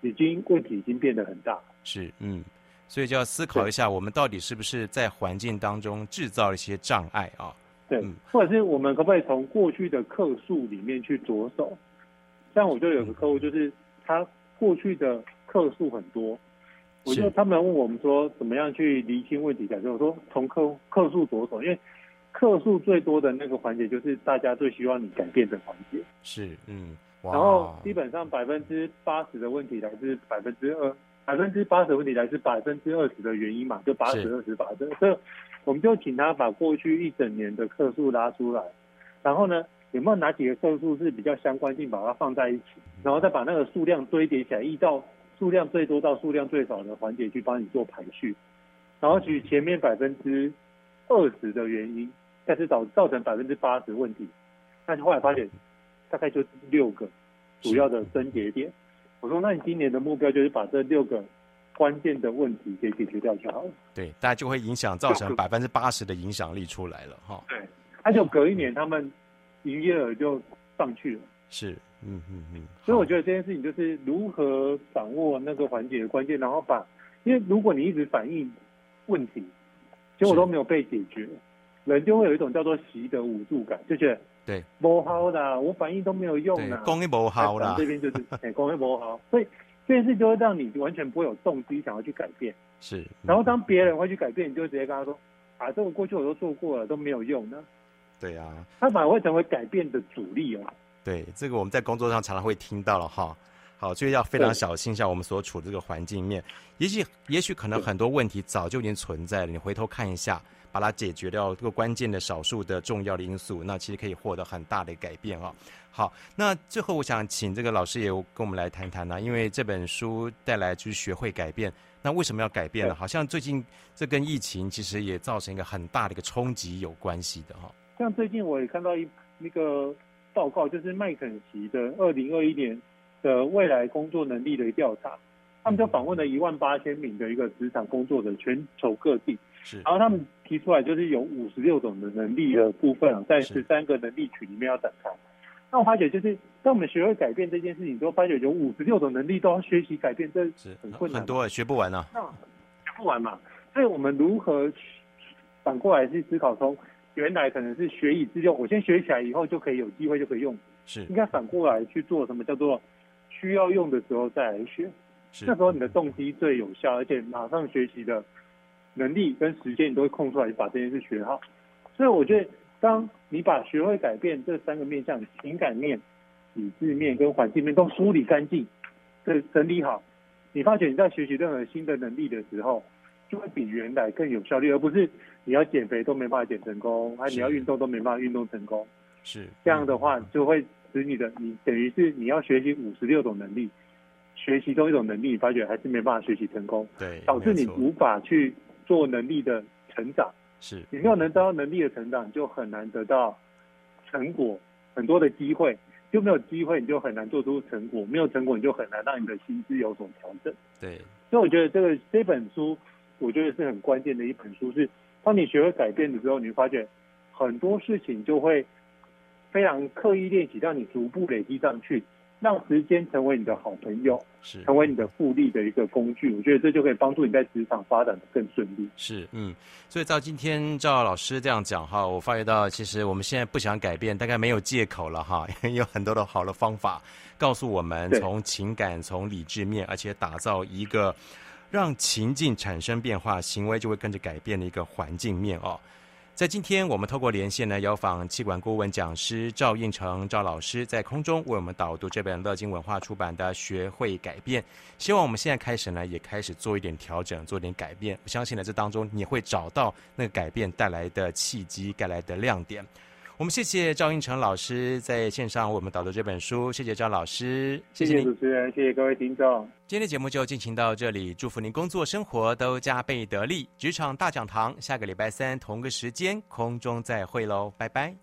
已經問題已經變得很大。是，嗯，所以就要思考一下，我們到底是不是在環境當中制造了一些障礙啊？對、嗯，或者是我們可不可以從過去的客數裡面去着手？像我就有個客戶，就是他過去的客數很多，我就他們問我們說怎麼樣去釐清問題解決。我說從客戶客數着手，因為客數最多的那個環節，就是大家最希望你改變的環節。是，嗯，然後基本上百分之八十的問題來自百分之二，百分之八十的問題來自百分之二十的原因嘛，就八十二十法則。所以我們就請他把過去一整年的客數拉出來，然後呢？有沒有哪幾個因素是比較相關性，把它放在一起，然後再把那個數量堆疊起來，依照數量最多到數量最少的環節去幫你做排序，然後取前面百分之二十的原因，但是導造成百分之八十問題，但是後來發現大概就六個主要的癥結點。我說，那你今年的目標就是把這六個關鍵的問題給解決掉就好了。對，大家就會影響造成百分之八十的影響力出來了哈。 <laughs> 對，而且隔一年他們。營業額就上去了，是，嗯嗯嗯。所以我覺得這件事情就是如何掌握那個環節的關鍵，然後把，因為如果你一直反映問題，結果都沒有被解決，人就會有一種叫做習得無助感，就是對，無好的，我反映都沒有用的，講一無好啦、啊，這邊就是講一無好。所以這件事就會讓你完全不會有動機想要去改變。是，然後當別人會去改變，你就直接跟他說，啊，這個過去我都做過了，都沒有用呢對啊，它反而會成為改變的阻力哦。對，這個我們在工作上常常會聽到了哈。好，所以要非常小心一下我們所處的這個環境面。也許也許可能很多問題早就已經存在了，你回頭看一下，把它解決掉，這個關鍵的少數的重要的因素，那其實可以獲得很大的改變啊。好，那最後我想請這個老師也跟我們來談談呢，因為這本書帶來就是學會改變。那為什麼要改變呢？好像最近這跟疫情其實也造成一個很大的一個衝擊有關係的哈。像最近我也看到一那個報告，就是麥肯錫的二零二一年的未來工作能力的調查，他們就訪問了一萬八千名的一個職場工作者，全球各地。是，然後他們提出來就是有五十六種的能力的部分，啊，在十三個能力群裡面要展開。那我發覺就是當我們學會改變這件事情之後，發覺有五十六種能力都要學習改變，這很困難，很多啊，學不完啊。那不完嘛？所以我們如何反過來去思考說？原來可能是學以致用，我先學起來，以後就可以有機會就可以用。是應該反過來去做什麼叫做需要用的時候再來學，是那時候你的動機最有效，而且馬上學習的能力跟時間你都會空出來把這件事學好。所以我覺得，當你把學會改變這三個面向——情感面、理智面跟環境面——都梳理乾淨、整理好，你發現你在學習任何新的能力的時候。就會比原來更有效率，而不是你要減肥都沒法減成功，還你要運動都沒辦法運動成功。是這樣的話，就會使你的你等於是你要學習五十六種能力，學習中一種能力，你發覺還是沒辦法學習成功，對，導致你無法去做能力的成長。是，你沒有能得到能力的成長，就很難得到成果。很多的機會，就沒有機會，你就很難做出成果。沒有成果，你就很難讓你的薪資有所調整。對，所以我覺得這個這本書。我覺得是很關鍵的一本書，是當你學會改變的時候，你會發覺很多事情就會非常刻意練習，讓你逐步累積上去，讓時間成為你的好朋友，是成為你的複利的一個工具。我覺得這就可以幫助你在職場發展得更順利。是，嗯，所以到今天，趙老師這樣講哈，我發覺到其實我們現在不想改變，大概沒有借口了哈，因為有很多的好的方法告訴我們，從情感、從理智面，而且打造一個。讓情境產生變化，行為就會跟着改變的一個環境面哦。在今天，我們透過連線呢，邀訪企管顧問講師趙胤丞趙老師，在空中為我們導讀這本樂金文化出版的《學會改變》。希望我們現在開始呢，也開始做一點調整，做點改變。我相信呢，這當中你會找到那個改變帶來的契機，帶來的亮點。我們謝謝趙胤丞老師在線上為我們導讀這本書，謝謝趙老師。謝謝，謝謝主持人，謝謝各位聽眾。今天的節目就進行到這裡，祝福您工作生活都加倍得力。職場大講堂下個禮拜三同個時間，空中再會嘍，拜拜。